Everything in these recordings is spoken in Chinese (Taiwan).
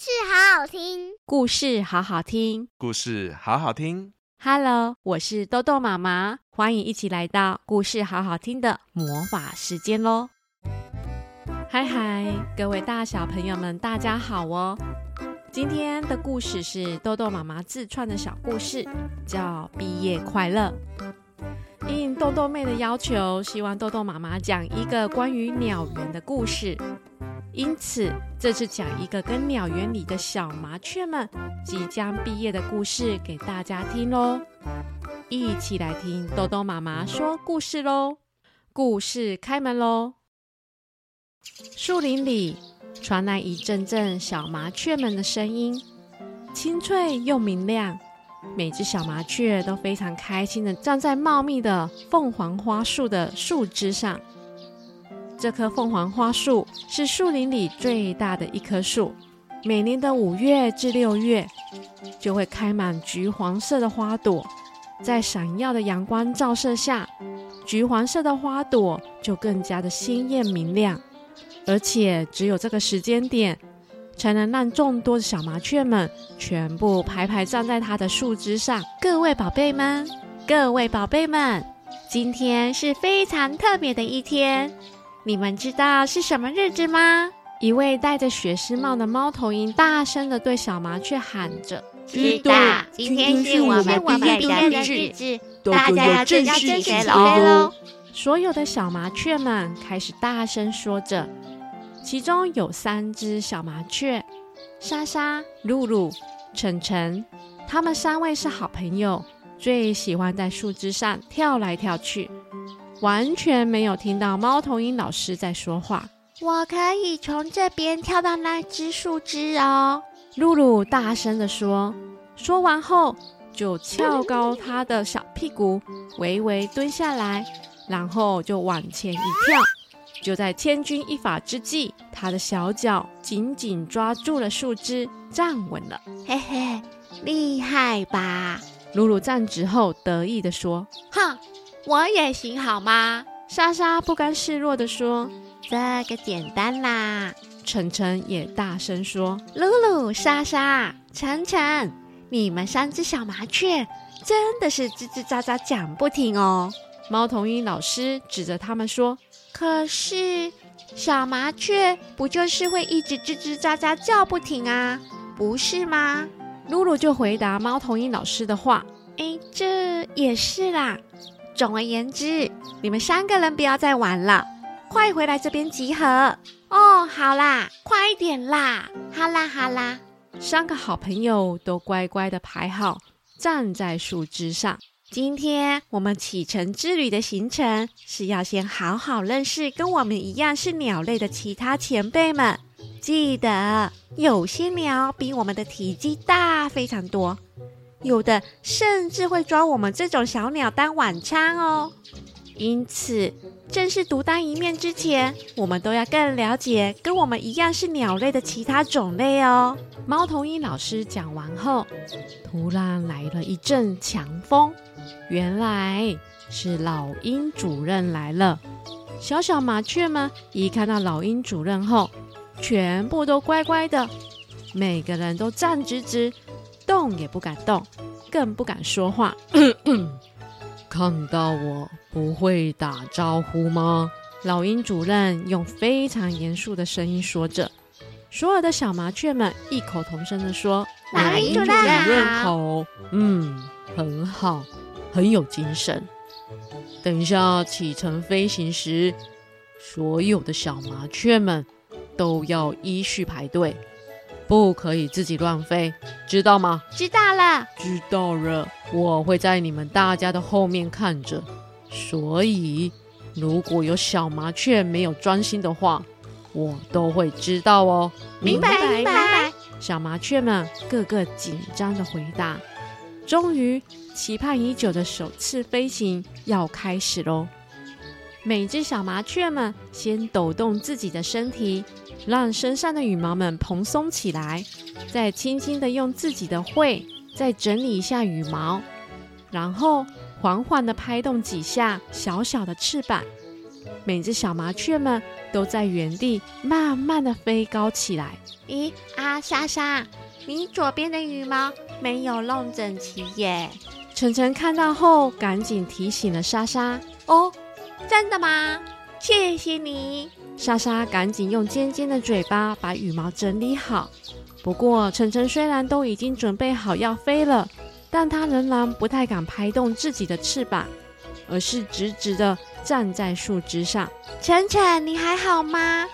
故事好好聽，故事好好聽，故事好好聽。Hello，我是豆豆媽媽，歡迎一起來到故事好好聽的魔法時間嘍！嗨嗨，各位大小朋友們，大家好哦！今天的故事是豆豆媽媽自創的小故事，叫《畢業快樂》。應豆豆妹的要求，希望豆豆媽媽講一個關於鳥園的故事。因此，這次講一個跟鳥園裡的小麻雀們即將畢業的故事給大家聽咯。一起來聽荳荳媽媽說故事咯。故事開門咯。樹林裡傳來一陣陣小麻雀們的聲音，清脆又明亮。每隻小麻雀都非常開心地站在茂密的鳳凰花樹的樹枝上。這棵鳳凰花樹是樹林裡最大的一棵樹，每年的五月至六月就會開滿橘黃色的花朵，在閃耀的陽光照射下，橘黃色的花朵就更加的鮮艷明亮，而且只有這個時間點才能讓眾多的小麻雀們全部排排站在它的樹枝上。各位寶貝們，各位寶貝們，今天是非常特別的一天。你們知道是什麼日子嗎？一位戴着學士帽的貓頭鷹大聲地對小麻雀喊着：“知道，今天是我們畢業的日子，大家要振作起來嘍！”所有的小麻雀們開始大聲說着，其中有三隻小麻雀：莎莎、露露、晨晨。他們三位是好朋友，最喜歡在樹枝上跳來跳去。完全沒有聽到貓頭鷹老師在說話。我可以從這邊跳到那隻樹枝哦，露露大聲地說。說完後，就翹高他的小屁股，微微蹲下來，然後就往前一跳。就在千鈞一發之際，他的小腳緊緊抓住了樹枝，站穩了。嘿嘿，厲害吧？露露站直後得意地說：“哼。”我也行好嗎？莎莎不甘示弱地說：“這個簡單啦。”晨晨也大聲說：“露露，莎莎，晨晨，你們三只小麻雀真的是吱吱喳喳講不停哦！”貓頭鷹老師指着他們說：“可是，小麻雀不就是會一直吱吱喳喳叫不停啊？不是嗎？”露露就回答貓頭鷹老師的話：“誒，這也是啦。”總而言之，你們三個人不要再玩了，快回來這邊集合哦！好啦，快點啦！好啦，好啦，三個好朋友都乖乖的排好，站在樹枝上。今天我們啟程之旅的行程是要先好好認識跟我們一樣是鳥類的其他前輩們。記得，有些鳥比我們的體積大非常多。有的甚至會抓我們這種小鳥當晚餐哦，因此，正式獨當一面之前，我們都要更了解跟我們一樣是鳥類的其他種類哦。貓頭鷹老師講完後，突然來了一陣強風，原來是老鷹主任來了。小小麻雀們一看到老鷹主任後，全部都乖乖的，每個人都站直直。動也不敢動，更不敢說話，咳咳。看到我不會打招呼嗎？老鷹主任用非常嚴肅的聲音說着。所有的小麻雀們異口同聲的說：“老鷹主任、啊、老鷹主任好。”嗯，很好，很有精神。等一下啟程飛行時，所有的小麻雀們都要依序排隊。不可以自己亂飛，知道嗎？知道了，知道了。我會在你們大家的後面看着，所以如果有小麻雀沒有專心的話，我都會知道哦。明白，明白。明白。小麻雀們個個緊張地回答。終於，期盼已久的首次飛行要開始嘍。每隻小麻雀們先抖動自己的身體。讓身上的羽毛們蓬鬆起來，再輕輕地用自己的喙再整理一下羽毛，然後緩緩地拍動幾下小小的翅膀。每只小麻雀們都在原地慢慢地飛高起來。咦，阿、啊、莎莎，你左邊的羽毛沒有弄整齊耶？晨晨看到後趕緊提醒了莎莎。哦，真的嗎？謝謝你。莎莎趕緊用尖尖的嘴巴把羽毛整理好。不過晨晨雖然都已經準備好要飛了，但他仍然不太敢拍動自己的翅膀，而是直直的站在樹枝上。晨晨，你還好嗎？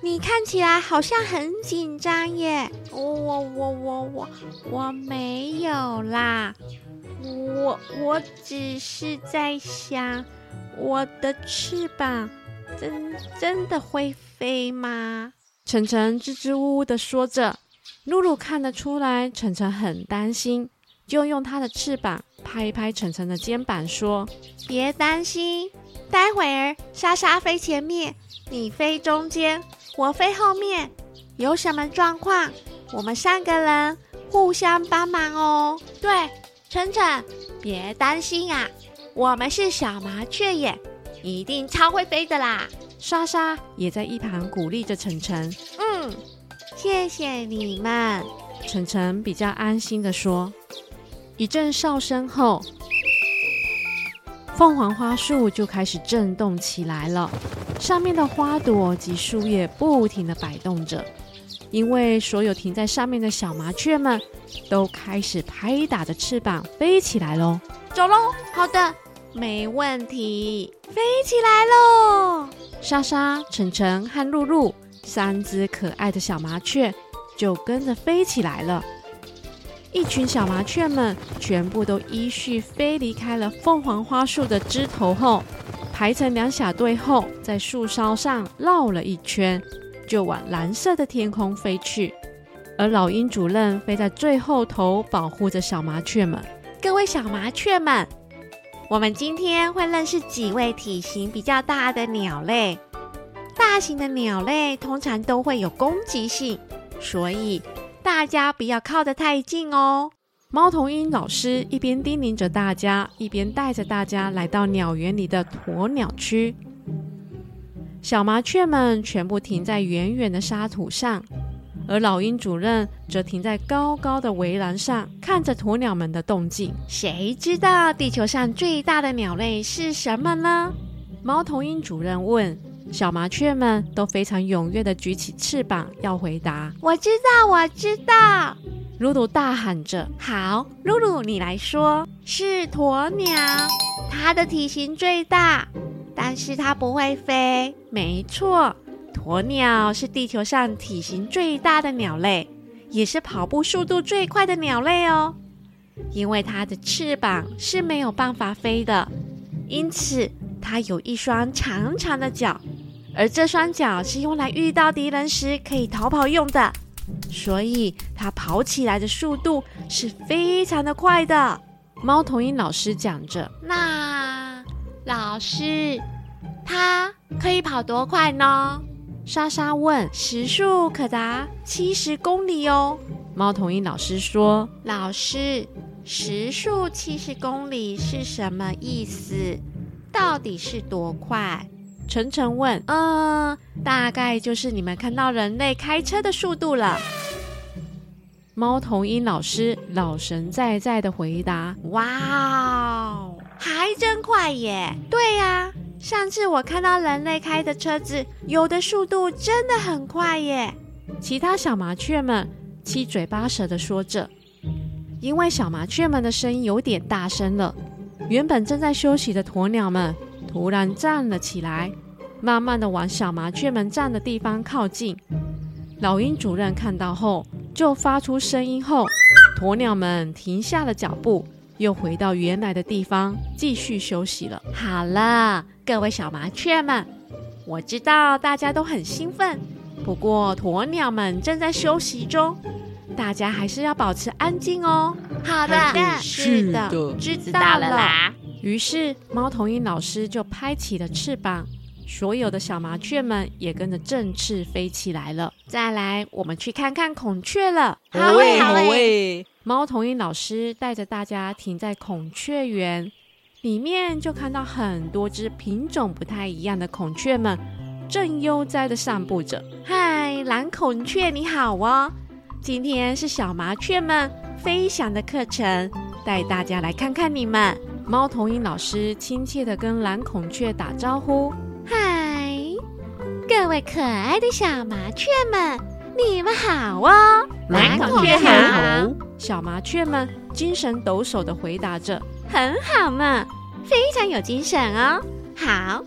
你看起來好像很緊張耶。我我我我我我沒有啦，我我只是在想我的翅膀。真真的會飛嗎？晨晨支支吾吾地說着。露露看得出來晨晨很擔心，就用它的翅膀拍一拍晨晨的肩膀，說：“別擔心，待會兒莎莎飛前面，你飛中間，我飛後面。有什麼狀況，我們三個人互相幫忙哦。”對，晨晨，別擔心啊，我們是小麻雀耶。一定超會飛的啦！莎莎也在一旁鼓勵着晨晨。嗯，謝謝你們。晨晨比較安心地說。一陣哨聲後，鳳凰花樹就開始震動起來了，上面的花朵及樹葉不停地擺動着，因為所有停在上面的小麻雀們都開始拍打着翅膀飛起來嘍！走嘍！好的。沒問題，飛起來嘍！莎莎、晨晨和露露三隻可愛的小麻雀就跟着飛起來了。一群小麻雀們全部都依序飛離開了鳳凰花樹的枝頭後，排成兩小隊後，在樹梢上繞了一圈，就往藍色的天空飛去。而老鷹主任飛在最後頭，保護着小麻雀們。各位小麻雀們。我們今天會認識幾位體型比較大的鳥類。大型的鳥類通常都會有攻擊性，所以大家不要靠得太近哦。貓頭鷹老師一邊叮嚀着大家，一邊帶着大家來到鳥園裡的鴕鳥區。小麻雀們全部停在遠遠的沙土上。而老鷹主任則停在高高的圍欄上，看着鴕鳥們的動靜。誰知道地球上最大的鳥類是什麼呢？貓頭鷹主任問。小麻雀們都非常踴躍地舉起翅膀要回答。我知道，我知道！露露大喊着。好，露露你來說。是鴕鳥，它的體型最大，但是它不會飛。沒錯。鴕鳥是地球上體型最大的鳥類，也是跑步速度最快的鳥類哦。因為它的翅膀是沒有辦法飛的，因此它有一雙長長的腳，而這雙腳是用來遇到敵人時可以逃跑用的。所以它跑起來的速度是非常的快的。貓頭鷹老師講着：“那老師，它可以跑多快呢？”莎莎問：“時速可達七十公里哦。”貓頭鷹老師說：“老師，時速七十公里是什麼意思？到底是多快？”晨晨問：“嗯、呃，大概就是你們看到人類開車的速度了。”貓頭鷹老師老神在在的回答：“哇哦，還真快耶！”對呀、啊。上次我看到人類開的車子，有的速度真的很快耶！其他小麻雀們七嘴八舌的說着，因為小麻雀們的聲音有點大聲了，原本正在休息的鴕鳥們突然站了起來，慢慢的往小麻雀們站的地方靠近。老鷹主任看到後就發出聲音後，鴕鳥們停下了腳步。又回到原來的地方，繼續休息了。好了，各位小麻雀們，我知道大家都很興奮，不過鴕鳥們正在休息中，大家還是要保持安靜哦。好的，是的，是的，是的，知道了，知道了啦。於是，貓頭鷹老師就拍起了翅膀。所有的小麻雀們也跟着振翅飛起來了。再來，我們去看看孔雀了。Oh, 好, oh, oh, 好嘞，好嘞。貓頭鷹老師帶着大家停在孔雀園，裡面就看到很多只品種不太一樣的孔雀們，正悠哉地散步着。嗨，藍孔雀你好哦！今天是小麻雀們飛翔的課程，帶大家來看看你們。貓頭鷹老師親切地跟藍孔雀打招呼。嗨，各位可愛的小麻雀們，你們好啊、哦！藍孔，孔雀好。小麻雀們精神抖擻的回答着：“很好嘛，非常有精神哦。”好，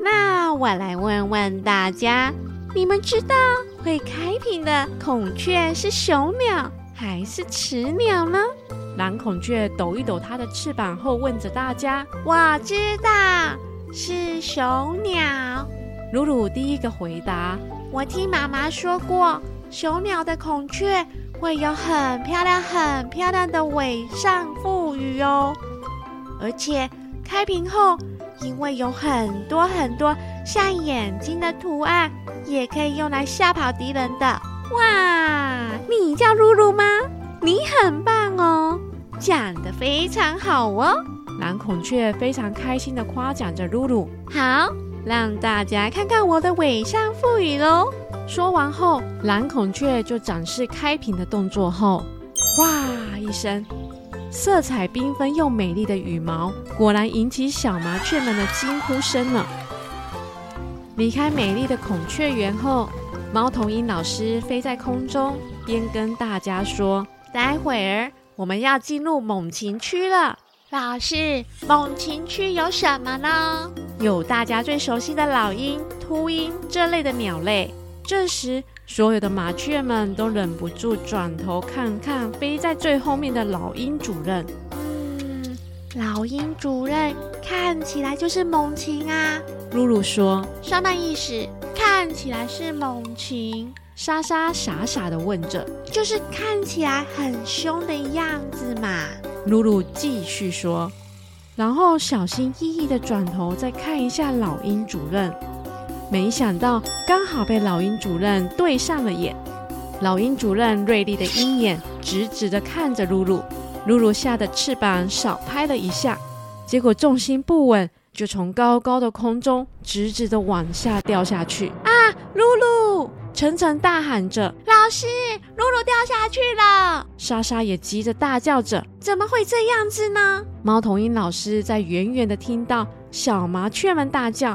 那我來問問大家，你們知道會開屏的孔雀是雄鳥還是雌鳥嗎？藍孔雀抖一抖它的翅膀後問着大家：“我知道。”是雄鳥，露露第一個回答。我聽媽媽說過，雄鳥的孔雀會有很漂亮、很漂亮的尾上覆羽哦。而且開屏後，因為有很多很多像眼睛的圖案，也可以用來嚇跑敵人的。哇，你叫露露嗎？你很棒哦，講得非常好哦。藍孔雀非常開心的誇獎着露露：“好，讓大家看看我的尾上覆羽嘍！”說完後，藍孔雀就展示開屏的動作，後“哇”一聲，色彩繽紛又美麗的羽毛果然引起小麻雀們的驚呼聲了。離開美麗的孔雀園後，貓頭鷹老師飛在空中，邊跟大家說：“待會兒我們要進入猛禽區了。”老師，猛禽區有什麼呢？有大家最熟悉的老鷹、禿鷹這類的鳥類。這時，所有的麻雀們都忍不住轉頭看看飛在最後面的老鷹主任。嗯，老鷹主任看起來就是猛禽啊。露露說：“上半意思看起來是猛禽。”莎莎傻傻的問着：“就是看起來很凶的樣子嘛。”露露繼續說，然後小心翼翼的轉頭再看一下老鷹主任，沒想到剛好被老鷹主任對上了眼。老鷹主任銳利的鷹眼直直的看着露露，露露嚇得翅膀少拍了一下，結果重心不穩，就從高高的空中直直的往下掉下去。晨晨大喊着：“老師，露露掉下去了！”莎莎也急着大叫着：“怎麼會這樣子呢？”貓頭鷹老師在遠遠的聽到小麻雀們大叫，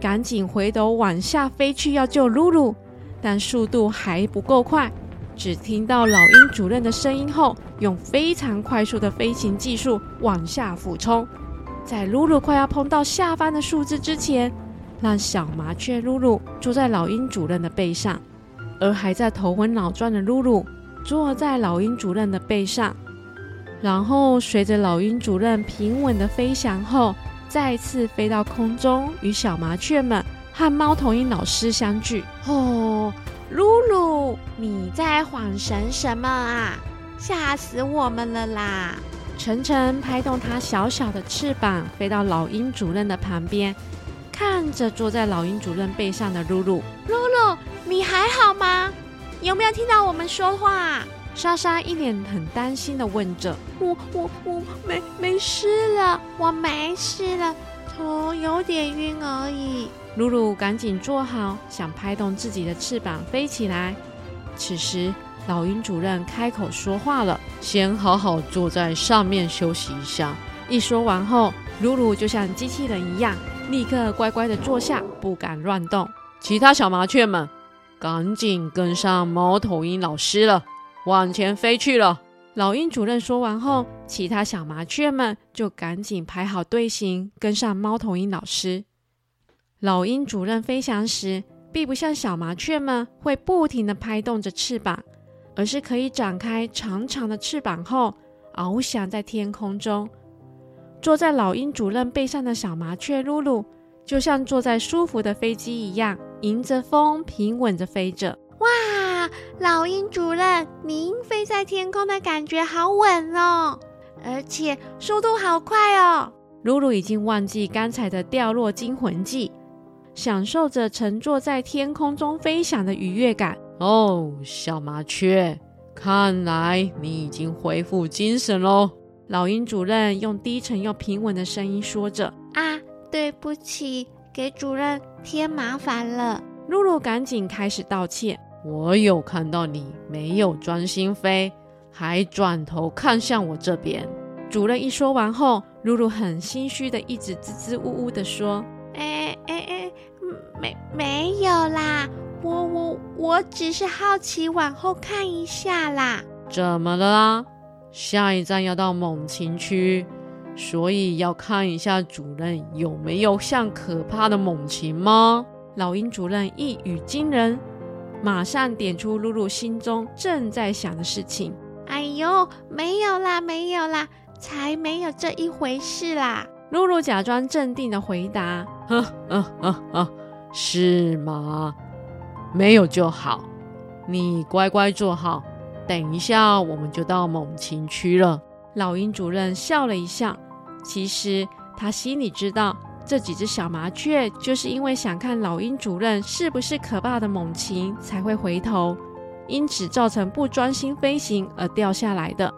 趕緊回頭往下飛去要救露露，但速度還不夠快。只聽到老鷹主任的聲音後，用非常快速的飛行技術往下俯衝，在露露快要碰到下方的樹枝之前。讓小麻雀露露坐在老鷹主任的背上，而還在頭昏腦轉的露露坐在老鷹主任的背上，然後隨着老鷹主任平穩的飛翔後，再次飛到空中與小麻雀們和貓頭鷹老師相聚。哦，露露，你在恍神什麼啊？嚇死我們了啦！晨晨拍動它小小的翅膀，飛到老鷹主任的旁邊。看着坐在老鷹主任背上的露露，露露，你還好嗎？有沒有聽到我們說話？莎莎一臉很擔心地問着。我我我沒沒事了，我沒事了，頭有點暈而已。露露趕緊坐好，想拍動自己的翅膀飛起來。此時，老鷹主任開口說話了：“先好好坐在上面休息一下。”一說完後，露露就像機器人一樣，立刻乖乖地坐下，不敢亂動。其他小麻雀們趕緊跟上貓頭鷹老師了，往前飛去了。老鷹主任說完後，其他小麻雀們就趕緊排好隊形，跟上貓頭鷹老師。老鷹主任飛翔時，並不像小麻雀們會不停地拍動着翅膀，而是可以展開長長的翅膀後翱翔在天空中。坐在老鷹主任背上的小麻雀露露，就像坐在舒服的飛機一樣，迎着風平穩着飛着。哇，老鷹主任，您飛在天空的感覺好穩哦，而且速度好快哦！露露已經忘記剛才的掉落驚魂記，享受着乘坐在天空中飛翔的愉悅感。哦，小麻雀，看來你已經恢復精神囉。老鷹主任用低沉又平穩的聲音說着：“啊，對不起，給主任添麻煩了。”露露趕緊開始道歉：“我有看到你沒有專心飛，還轉頭看向我這邊。”主任一說完後，露露很心虛的一直支支吾吾的說：“哎哎哎，沒沒有啦，我我我只是好奇往後看一下啦。”怎麼了啦？下一站要到猛禽區，所以要看一下主任有沒有像可怕的猛禽嗎？老鷹主任一語驚人，馬上點出露露心中正在想的事情。哎呦，沒有啦，沒有啦，才沒有這一回事啦！露露假裝鎮定的回答。呵呵呵呵，是嗎？沒有就好，你乖乖坐好。等一下，我們就到猛禽區了。老鷹主任笑了一下，其實他心裡知道，這幾隻小麻雀就是因為想看老鷹主任是不是可怕的猛禽，才會回頭，因此造成不專心飛行而掉下來的。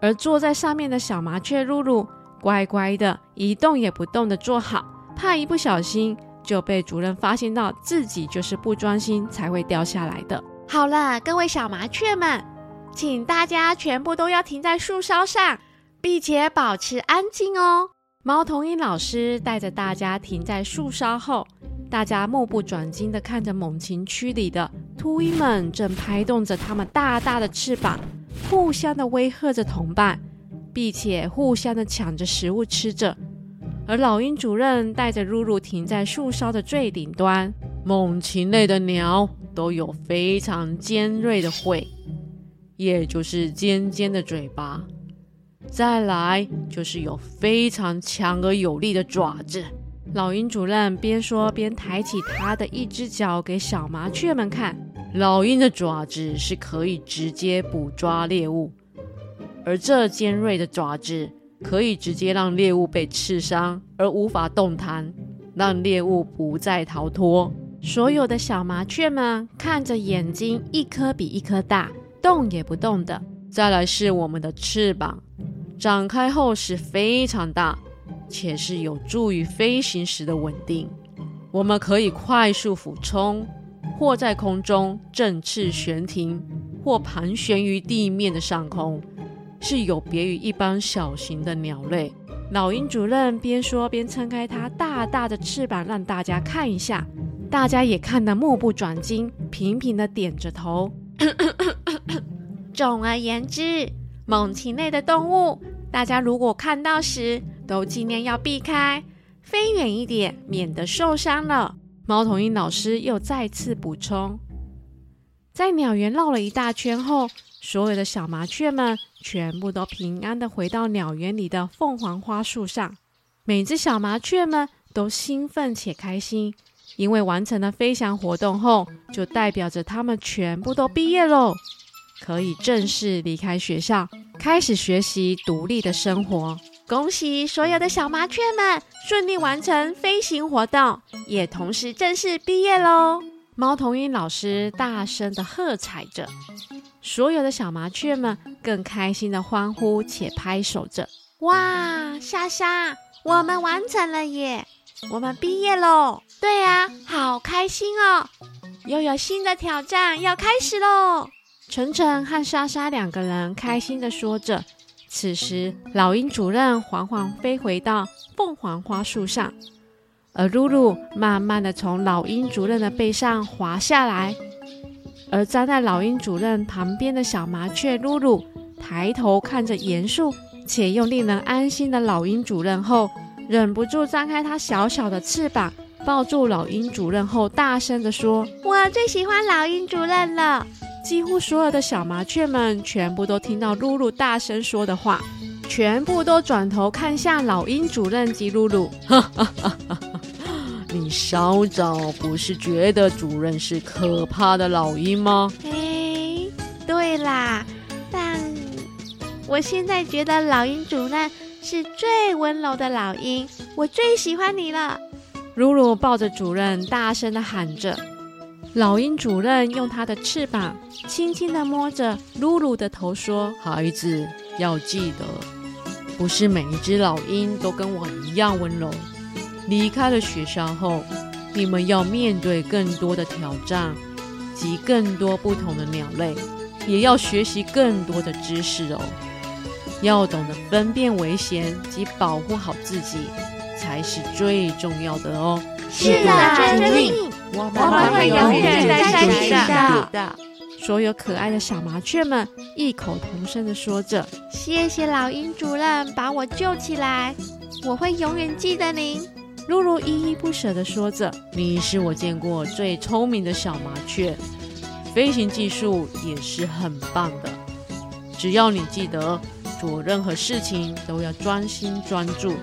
而坐在上面的小麻雀露露，乖乖的一動也不動的坐好，怕一不小心就被主任發現到自己就是不專心才會掉下來的。好了，各位小麻雀們。請大家全部都要停在樹梢上，並且保持安靜哦。貓頭鷹老師帶着大家停在樹梢後，大家目不轉睛的看着猛禽區裡的禿鷹們，正拍動着它們大大的翅膀，互相的威嚇着同伴，並且互相的搶着食物吃着。而老鷹主任帶着露露停在樹梢的最頂端。猛禽類的鳥都有非常尖銳的喙。也就是尖尖的嘴巴，再來就是有非常強而有力的爪子。老鷹主任邊說邊抬起他的一隻腳給小麻雀們看，老鷹的爪子是可以直接捕抓獵物，而這尖銳的爪子可以直接讓獵物被刺傷而無法動彈，讓獵物不再逃脫。所有的小麻雀們看着，眼睛一顆比一顆大。動也不動的。再來是我們的翅膀，展開後是非常大，且是有助於飛行時的穩定。我們可以快速俯衝，或在空中振翅懸停，或盤旋於地面的上空，是有別於一般小型的鳥類。老鷹主任邊說邊撐開它大大的翅膀，讓大家看一下。大家也看得目不轉睛，頻頻地點着頭。 總而言之，猛禽類的動物，大家如果看到時，都盡量要避開，飛遠一點，免得受傷了。貓頭鷹老師又再次補充，在鳥園繞了一大圈後，所有的小麻雀們全部都平安的回到鳥園裡的鳳凰花樹上，每隻小麻雀們都興奮且開心。因為完成了飛翔活動後，就代表着他們全部都畢業嘍，可以正式離開學校，開始學習獨立的生活。恭喜所有的小麻雀們順利完成飛行活動，也同時正式畢業嘍！貓頭鷹老師大聲地喝彩着，所有的小麻雀們更開心地歡呼且拍手着。哇，莎莎，我們完成了耶！我們畢業嘍！對呀、啊，好開心哦！又有新的挑戰要開始嘍。晨晨和莎莎兩個人開心的說着。此時，老鷹主任緩緩飛回到鳳凰花樹上，而露露慢慢的從老鷹主任的背上滑下來。而站在老鷹主任旁邊的小麻雀露露，抬頭看着嚴肅且又令人安心的老鷹主任後，忍不住張開它小小的翅膀。抱住老鷹主任後，大聲地說：“我最喜歡老鷹主任了。”幾乎所有的小麻雀們全部都聽到露露大聲說的話，全部都轉頭看向老鷹主任及露露。 你稍早不是覺得主任是可怕的老鷹嗎？哎，對啦，但我現在覺得老鷹主任是最溫柔的老鷹，我最喜歡你了。露露抱着主任，大聲地喊着。老鷹主任用他的翅膀輕輕地摸着露露的頭，說：“孩子，要記得，不是每一隻老鷹都跟我一樣溫柔。離開了學校後，你們要面對更多的挑戰及更多不同的鳥類，也要學習更多的知識哦。要懂得分辨危險及保護好自己。”才是最重要的哦！是啊，是的，我們會永遠在山上的。所有可愛的小麻雀們異口同聲地說着：“謝謝老鷹主任把我救起來，我會永遠記得您。”露露依依不捨地說着：“你是我見過最聰明的小麻雀，飛行技術也是很棒的。只要你記得，做任何事情都要專心專注。”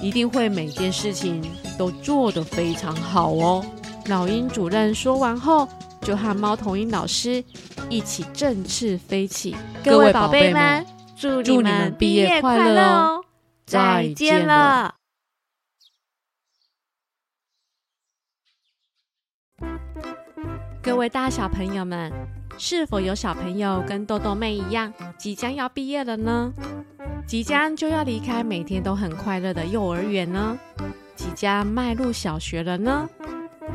一定會每件事情都做得非常好哦！老鷹主任說完後，就和貓頭鷹老師一起振翅飛起。各位寶貝們，祝你們畢業快樂哦！再見了，各位大小朋友們。是否有小朋友跟豆豆妹一樣即將要畢業了呢？即將就要離開每天都很快樂的幼兒園呢？即將邁入小學了呢？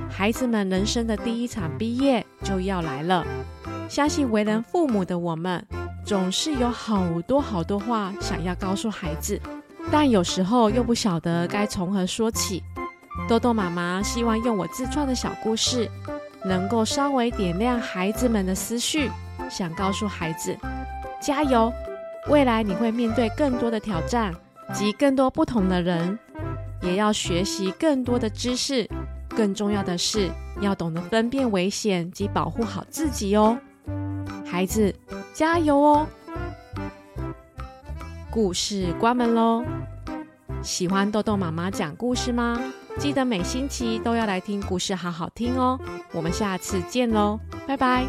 孩子們人生的第一場畢業就要來了。相信為人父母的我們，總是有好多好多話想要告訴孩子，但有時候又不曉得該從何說起。豆豆媽媽希望用我自創的小故事，能夠稍微點亮孩子們的思緒，想告訴孩子：加油！未來你會面對更多的挑戰及更多不同的人，也要學習更多的知識。更重要的是，要懂得分辨危險及保護好自己哦。孩子，加油哦！故事關門嘍。喜歡豆豆媽媽講故事嗎？記得每星期都要來聽故事，好好聽哦。我們下次見嘍，拜拜。